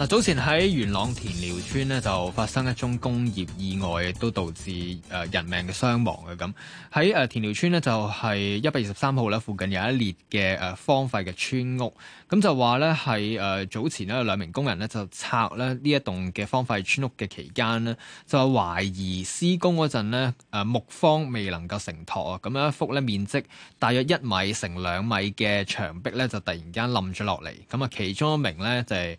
嗱，早前喺元朗田寮村呢，就發生一宗工業意外，都導致誒人命嘅傷亡嘅。咁喺誒田寮村呢，就係一百二十三號呢，附近有一列嘅誒荒廢嘅村屋，咁就話呢，係誒早前有兩名工人呢，就拆呢呢一棟嘅荒廢村屋嘅期間呢，就懷疑施工嗰陣呢木方未能夠承托啊，咁樣一幅呢，面積大約一米乘兩米嘅牆壁呢，就突然間冧咗落嚟，咁啊其中一名呢，就係、是。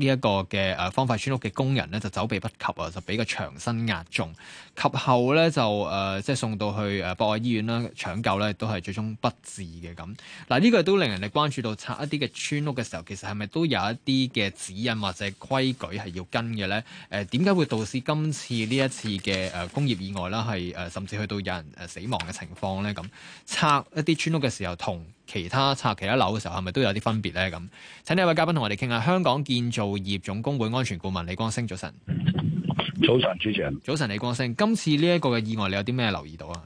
呢一個嘅誒方塊村屋嘅工人咧，就走避不及啊，就俾個牆身壓中，及後咧就誒、呃、即係送到去誒博愛醫院啦，搶救咧都係最終不治嘅咁。嗱呢、呢個都令人哋關注到拆一啲嘅村屋嘅時候，其實係咪都有一啲嘅指引或者規矩係要跟嘅咧？誒點解會導致今次呢一次嘅誒工業意外啦？係誒、呃、甚至去到有人誒死亡嘅情況咧咁？拆一啲村屋嘅時候，同其他拆其他樓嘅時候係咪都有啲分別咧咁？請呢位嘉賓同我哋傾下香港建造。物業總工會安全顧問李光昇早晨，早晨，主持人，早晨，李光昇，今次呢一個嘅意外，你有啲咩留意到啊？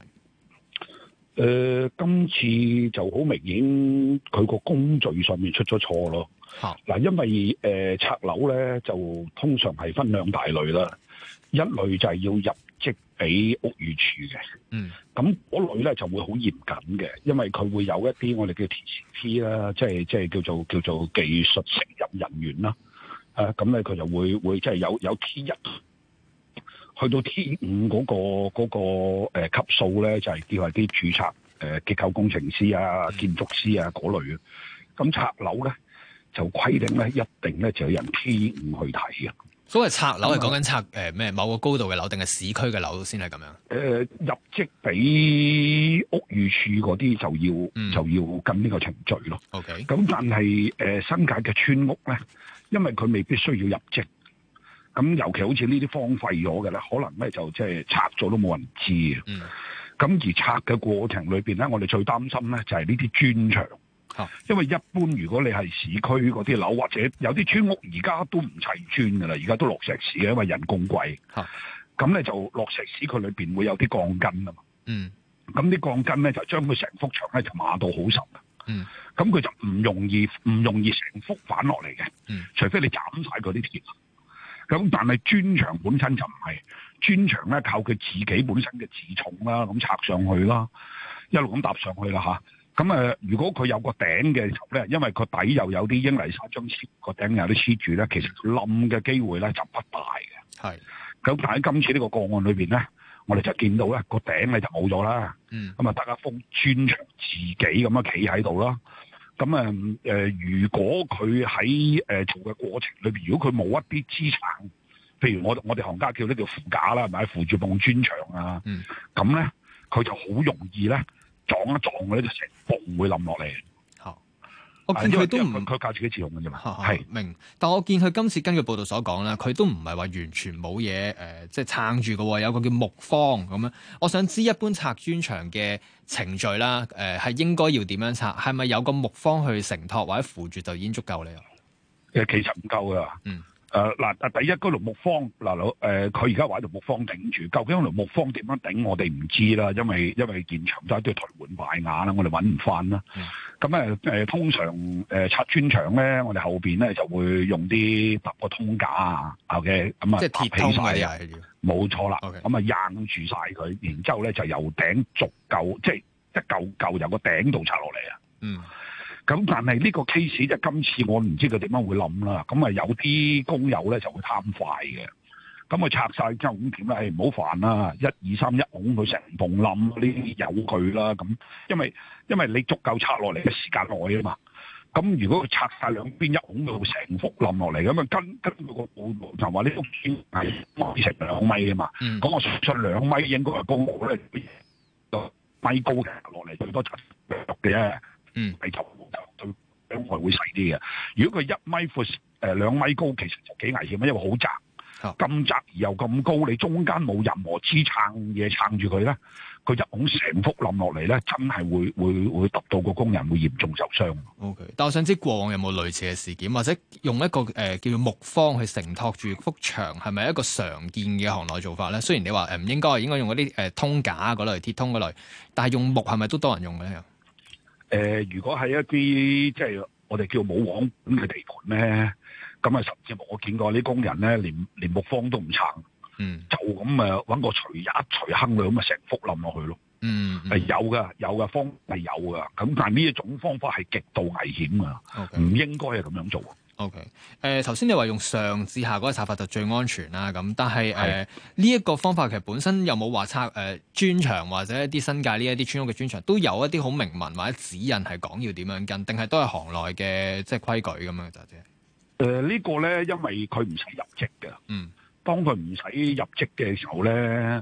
誒、呃，今次就好明顯，佢個工序上面出咗錯咯。好、啊，嗱，因為誒、呃、拆樓咧，就通常係分兩大類啦，啊、一類就係要入職俾屋宇署嘅，嗯，咁嗰類咧就會好嚴謹嘅，因為佢會有一啲我哋叫 TCP 啦，即係即係叫做叫做技術勝任人員啦。誒，咁咧佢就會會即係有有 T 一去到 T 五嗰、嗰個嗰、嗰個誒、嗰個呃、級數咧，就係、係、叫係啲注冊誒結構工程師啊、建築師啊嗰類啊。咁拆樓咧就規定咧一定咧就有人 T 五去睇嘅。所謂拆樓係講緊拆誒咩、呃，某個高度嘅樓定係市區嘅樓先係咁樣。誒、呃、入則俾屋宇署嗰啲就要，嗯、就要跟呢個程序咯。OK。咁但係誒新界嘅村屋咧，因為佢未必需要入則。咁尤其好似呢啲荒廢咗嘅咧，可能咧就即係拆咗都冇人知。嗯。咁而拆嘅過程裏邊咧，我哋最擔心咧就係呢啲磚牆。因為一般如果你係市區嗰啲樓或者有啲村屋，而家都唔砌磚噶啦，而家都落石屎嘅，因為人工貴。吓咁咧就落石屎，佢裏邊會有啲鋼筋啊嘛。嗯。咁啲鋼筋咧就將佢成幅牆咧就抹到好實。嗯。咁佢就唔容易唔容易成幅反落嚟嘅。嗯。除非你斬晒嗰啲鐵。咁但係磚牆本身就唔係磚牆咧，靠佢自己本身嘅自重啦，咁拆上去啦，一路咁搭上去啦吓。咁誒，如果佢有個頂嘅咧，因為個底又有啲英泥沙將沙漿黐，個頂又有啲黐住咧，其實冧嘅機會咧就不大嘅。係。咁但係今次呢個個案裏邊咧，我哋就見到咧個頂咧就冇咗啦。嗯。咁啊，得一幅磚牆自己咁樣企喺度啦。咁啊，誒，如果佢喺誒做嘅過程裏邊，如果佢冇一啲資產，譬如我我哋行家叫呢叫扶架啦，係咪扶住埲磚牆啊？咁咧、嗯，佢就好容易咧。撞一撞嘅咧就成幅會冧落嚟。吓，我見佢都唔係佢靠自己自用嘅啫嘛。係呵是明，但我見佢今次根據報道所講咧，佢都唔係話完全冇嘢誒，即係撐住㗎。有個叫木方咁樣。我想知一般拆磚牆嘅程序啦，誒、呃、係應該要點樣拆？係咪有個木方去承托或者扶住就已經足夠你？其實其實唔夠嘅。嗯。誒嗱啊！第一個木方嗱老佢而家話條木方頂住，究竟條木方點樣頂？我哋唔知啦，因為因為現場都係啲頹垣敗瓦啦，我哋揾唔翻啦。咁誒誒，通常誒、呃、拆磚牆咧，我哋後邊咧就會用啲搭個通架啊，OK，咁啊，即係鐵通冇錯啦。咁啊，撐住晒佢，然之後咧就由頂逐嚿，即係一嚿嚿由個頂度拆落嚟啊。嗯。咁但係呢個 case 就今次我唔知佢點樣會冧啦。咁啊有啲工友咧就會貪快嘅，咁啊拆晒之後點咧？誒唔好煩啦，一二三一拱佢成棟冧，呢啲有佢啦咁。因為因為你足夠拆落嚟嘅時間耐啊嘛。咁如果佢拆晒兩邊一拱，佢會成幅冧落嚟，咁啊跟跟佢個就話呢棟磚係安成兩米啊嘛。咁、嗯、我算出兩米應該係高好咧，低高嘅落嚟最多七六嘅啫。嗯，外會細啲嘅，如果佢一米闊，誒兩米高，其實就幾危險，因為好窄，咁窄而又咁高，你中間冇任何支撐嘢撐住佢咧，佢一拱成幅冧落嚟咧，真係會會會揼到個工人會嚴重受傷。OK，但我想知過往有冇類似嘅事件，或者用一個誒叫做木方去承托住幅牆，係咪一個常見嘅行內做法咧？雖然你話誒唔應該，應該用嗰啲誒通架嗰類鐵通嗰類，但係用木係咪都多人用嘅咧？誒，如果係一啲即係我哋叫冇王咁嘅地盤咧，咁啊甚至我見過啲工人咧，連連木方都唔撐，嗯，就咁誒揾個錘一錘坑佢，咁啊成幅冧落去咯，嗯，係有噶有噶方係有噶，咁但係呢一種方法係極度危險噶，唔應該係咁樣做。O K，誒頭先你話用上至下嗰個拆法就最安全啦，咁但係誒呢一個方法其實本身有冇話拆誒磚牆或者一啲新界呢一啲村屋嘅磚牆都有一啲好明文或者指引係講要點樣跟，定係都係行內嘅即係規矩咁樣咋啫？誒、呃這個、呢個咧，因為佢唔使入職嘅，嗯。當佢唔使入職嘅時候咧，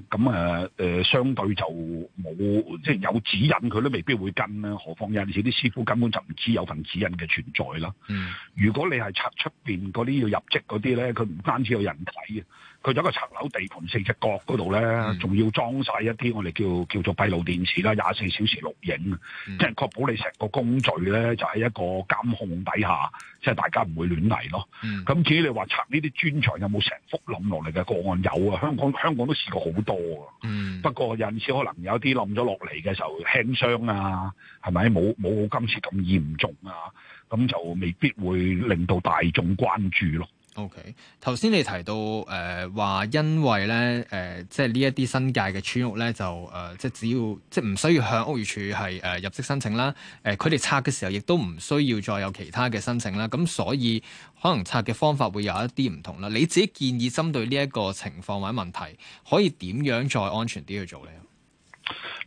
咁誒誒，相對就冇即係有指引，佢都未必會跟啦。何況有陣時啲師傅根本就唔知有份指引嘅存在啦。嗯、如果你係拆出面嗰啲要入職嗰啲咧，佢唔單止有人睇嘅，佢有個拆樓地盤四隻角嗰度咧，仲、嗯、要裝晒一啲我哋叫叫做閉路電視啦，廿四小時錄影，嗯、即係確保你成個工序咧就喺一個監控底下，即係大家唔會亂嚟咯。嗯，咁至於你話拆呢啲磚牆有冇成幅冧落嚟嘅個案有啊，香港香港都試過好多啊。嗯，不過有陣時可能有啲冧咗落嚟嘅時候輕傷啊，係咪冇冇今次咁嚴重啊？咁就未必會令到大眾關注咯。O.K.，頭先你提到誒話，呃、因為咧誒、呃，即係呢一啲新界嘅村屋咧，就誒、呃、即只要即唔需要向屋宇署係誒入則申請啦。誒、呃，佢哋拆嘅時候，亦都唔需要再有其他嘅申請啦。咁所以可能拆嘅方法會有一啲唔同啦。你自己建議針對呢一個情況或者問題，可以點樣再安全啲去做咧？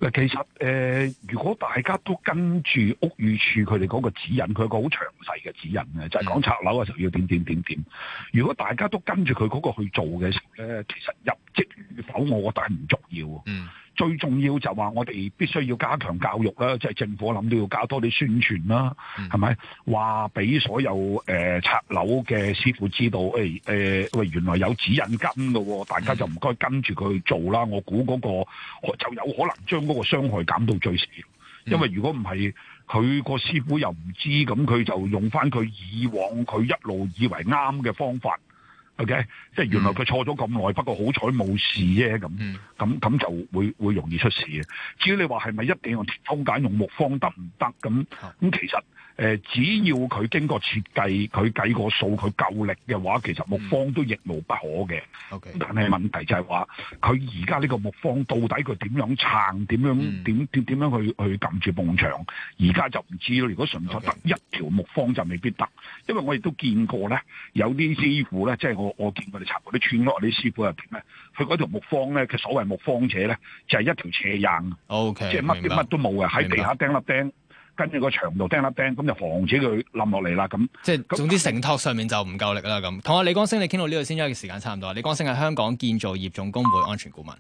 嗱，其實誒、呃，如果大家都跟住屋宇署佢哋嗰個指引，佢個好詳細嘅指引咧，就係、是、講拆樓嘅時候要點點點點。如果大家都跟住佢嗰個去做嘅時候咧，其實入職與否，我覺得係唔重要。嗯。最重要就話，我哋必須要加強教育啦，即係政府諗到要加多啲宣傳啦，係咪話俾所有誒拆樓嘅師傅知道？誒誒喂，原來有指引金嘅，大家就唔該跟住佢去做啦。我估嗰個就有可能將嗰個傷害減到最少，因為如果唔係，佢個師傅又唔知，咁佢就用翻佢以往佢一路以為啱嘅方法。O.K.，即係原來佢錯咗咁耐，mm. 不過好彩冇事啫咁，咁咁就會會容易出事嘅。至於你話係咪一定要抽解用木方得唔得咁？咁其實。誒，只要佢經過設計，佢計過數，佢夠力嘅話，其實木方都亦無不可嘅。Okay. 但係問題就係話，佢而家呢個木方到底佢點樣撐？點樣點點點樣去去撳住牆，牆？而家就唔知咯。如果純粹得 Okay. 一條木方就未必得，因為我亦都見過咧，有啲師傅咧，即係我我見我哋拆過啲村屋啲師傅入邊咧，佢嗰條木方咧佢所謂木方斜咧，就係、是、一條斜硬，okay，即係乜啲乜都冇嘅，喺地下釘粒釘。跟住個牆度釘粒釘，咁就防止佢冧落嚟啦。咁即係總之那承托上面就唔夠力啦。咁同阿李光昇，你傾到呢度先，因為時間差唔多。李光昇係香港建造業總工會安全顧問。